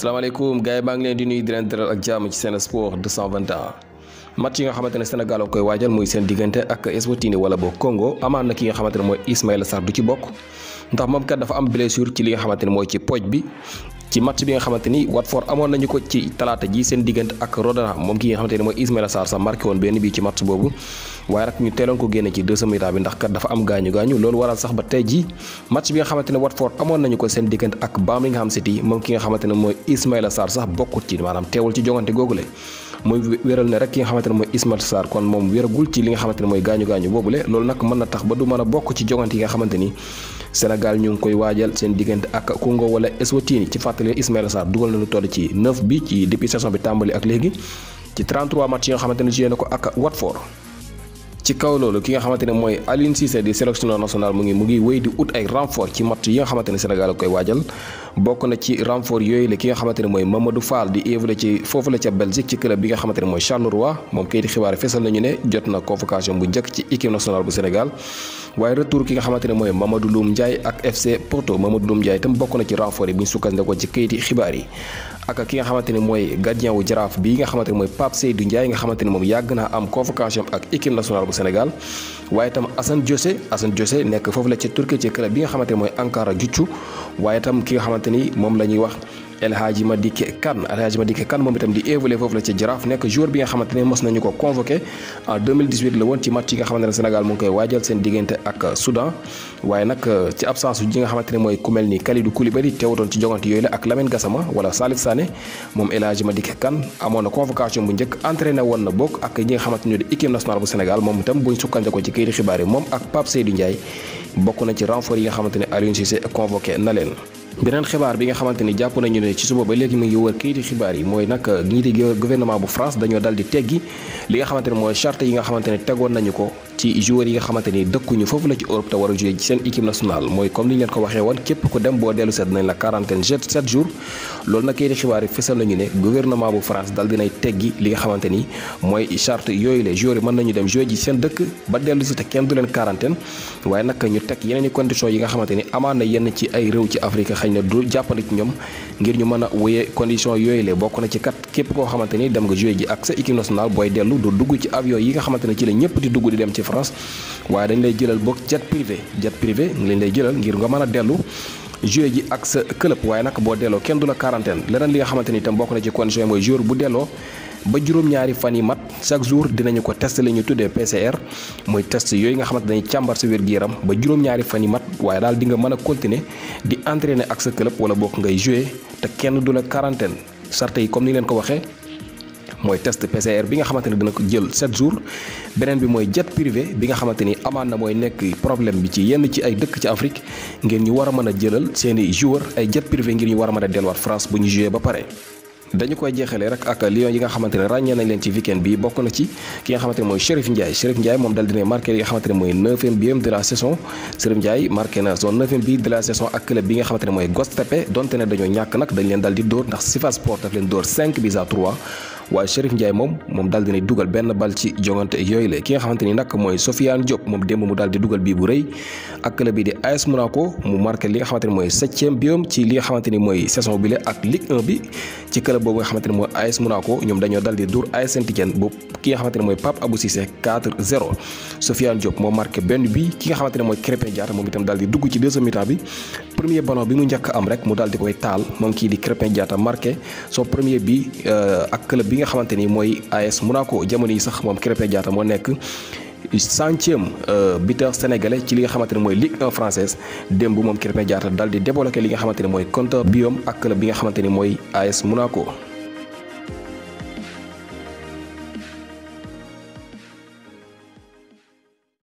salaamaaleykum gars yi maa ngi leen di nuyu di leen dalal ak jàmm ci seen sport 221 yi nga xamante ne Sénégal koy waajal muy seen diggante ak Eswatini wala boo Congo amaan na ki nga xamante ne mooy Ismaïla Sarr du ci bokk ndax moom kat dafa am blessure ci li nga xamante ne mooy ci pooj bi ci match bi nga xamante ni Watford amoon nañu ko ci talaata ji seen diggante ak Rotherham moom ki nga xamante ni mooy Ismaila Sarr sa marqué woon benn bii ci match boobu waaye nag ñu teeloon ko génne ci deuxième mi bi ndax kat dafa am gaañu gaañu loolu waral sax ba tey ji match bi nga xamante ne Watford amoon nañu ko seen diggante ak Birmingham City moom ki nga xamante ne mooy Ismaila Sarr sax bokkut ci maanaam teewul ci jongante googule mooy wéral ne rek ki nga xamante ne mooy Ismail Sarr kon moom wéragul ci li nga xamante ne mooy gaañu gaañu boobule loolu nag mën na tax ba du mën a bokk ci jogante yi nga ni Sénégal waajal seen diggante ak Congo wala Eswatini ci fàttali Ismail Sarr dugal na lu toll ci 9 bi ci depuis saison bi tàmbali ak léegi ci 33 match yi nga xamante ne joué na ko ak Watford. ci kaw loolu ki nga xamante ne mooy Aliou Cissé di sélectionneur national mu ngi mu ngi wéy di ut ay renfort ci match yi nga xamante ne Sénégal koy waajal bokk na ci renfort yooyu la ki nga xamante ne mooy Mamadou Fall di évolué ci foofu la ca Belgique ci club bi nga xamante ne mooy Charleroi moom kayiti xibaar yi fesal nañu ne jot na convocation bu njëkk ci équipe nationale bu Sénégal waaye retour ki nga xamante ne mooy Mamadou Loum Ndiaye ak FC Porto Mamadou Loum Ndiaye itam bokk na ci renfort yi bu ñu sukkandikoo ci kayiti xibaar yi ak ki nga xamante ni mooy gardien wu jaraaf bi nga xamante ni mooy Pape Seydou Ndiaye nga xamante ni moom yàgg na am convocation ak équipe nationale bu Sénégal waaye itam Assane Diosé assan Diosé nekk foofu la ca Turquie ci club bi nga xamante ni mooy Ankara Jucu waaye itam ki nga xamante ni moom la ñuy wax El Hadji Madické Kane El Hadji Madické Kane moom itam di évolué foofu la ca Jaraaf nekk joueur bi nga xamante ne mos nañu en 2018 la woon ci match yi nga xamante ne Sénégal mu ngi koy waajal ak Soudan waaye nag ci absence yi nga xamante ne mooy ku mel ni Kalidou Koulibaly teewatoon ci jogante yooyu la ak Lamine Gassama wala Salif Sané moom El Hadji Madické Kane amoon na convocation bu njëkk entraîné woon na bokk ak ñi nga xamante ne di équipe nationale bu Sénégal moom itam buñ sukkandikoo ci këyiti xibaar yi ak Pape Seydou Ndiaye bokk na ci renfort yi nga xamante ne Aliou Cissé convoqué beneen xibaar bi nga xamante ni jàpp nañu ne ci suba ba léegi mu ngi wër kayiti xibaar yi mooy nag ne mooy charte yi nga xamante ne tegoon nañu ko ci joueurs yi nga xamante ni dëkkuñu a joué ci ñu yooyu la joueurs nañu dem joué ji teg yeneen i conditions yi nga xamante ni amaan na yenn ci ay réew ci Afrique na du jàppandi ci ñoom ngir ñu mën a wéyee condition yooyu la bokk na ci kat képp koo xamante ni dem nga joué ji ak sa équipe nationale booy dellu du dugg ci avion yi nga xamante ne ci la ñëpp di dugg di dem ci France waaye dañ lay jëlal boog jet privé jet privé ngi lañ lay jëlal ngir nga mën a dellu joueur ji ak sa club waaye nag boo delloo kenn du la quarantaine leneen li nga xamante ni itam bokk na ci condition yi mooy joueur bu delloo ba juróom-ñaari fan yi mat chaque jours dinañu ko test la ñu tuddee PCR mooy test yooyu nga xamante dañuy càmbar sa wér-gu-yaram ba juróom-ñaari fan yi mat waaye daal di nga mën a continuer di entraîner ak sa club wala bokk ngay jouer te kenn du la quarantaine sarte comme ni leen ko waxee mooy test PCR bi nga xamante ne dina ko jël 7 jours beneen bi mooy jet privé bi nga xamante ni amaan na mooy nekk problème bi ci yenn ci ay dëkk ci Afrique ngeen ñu war a mën a jëlal seeni joueur ay jet privé ngir ñu war a mën a delluwaat France bu ñu joué ba pare. dañu koy jeexalee rek ak Lions yi nga xamante ne ràññee nañ leen ci weekend bi bokk na ci ki nga xamante ne mooy Chérif Ndiaye Chérif Ndiaye moom dal dina marqué li nga xamante ne mooy neuvième biam de la saison Chérif Ndiaye marqué na son neuvième bi de la saison ak club bi nga xamante ne mooy Gostepé donte ne dañoo ñàkk nag dañ leen dal di dóor ndax Sifa Sport daf leen dóor 5 bis à waaye Chérif Ndiaye moom moom daal dinay dugal benn bal ci jongante yooyu la ki nga xamante ni nag mooy Sofiane Diop moom démb mu daal di dugal bii bu rëy ak club bi di AS Monaco mu marqué li nga xamante ni mooy septième biom ci li nga xamante ni mooy saison bi ak Ligue 1 bi ci xamante ni mooy AS Monaco ñoom dañoo daal di dur AS Saint-Étienne bu ki nga mooy Pape Abou Cissé moo marqué benn bi ki nga xamante ne mooy Krépin Diatta moom itam daal di dugg ci deuxième mi-temps bi premier ballon bi mu njëkk am rek mu daal di koy taal moom kii di Krépin Diatta marqué son premier bi euh, ak club bi nga xamante ni mooy AS Monaco jamono yi sax moom Krépin Diatta moo nekk centième euh, buteur sénégalais ci li nga xamante ne mooy Ligue 1 française démb moom Krépin Diatta dal di débloqué li nga xamante ne mooy compteur biom ak club bi nga xamante ni mooy AS Monaco.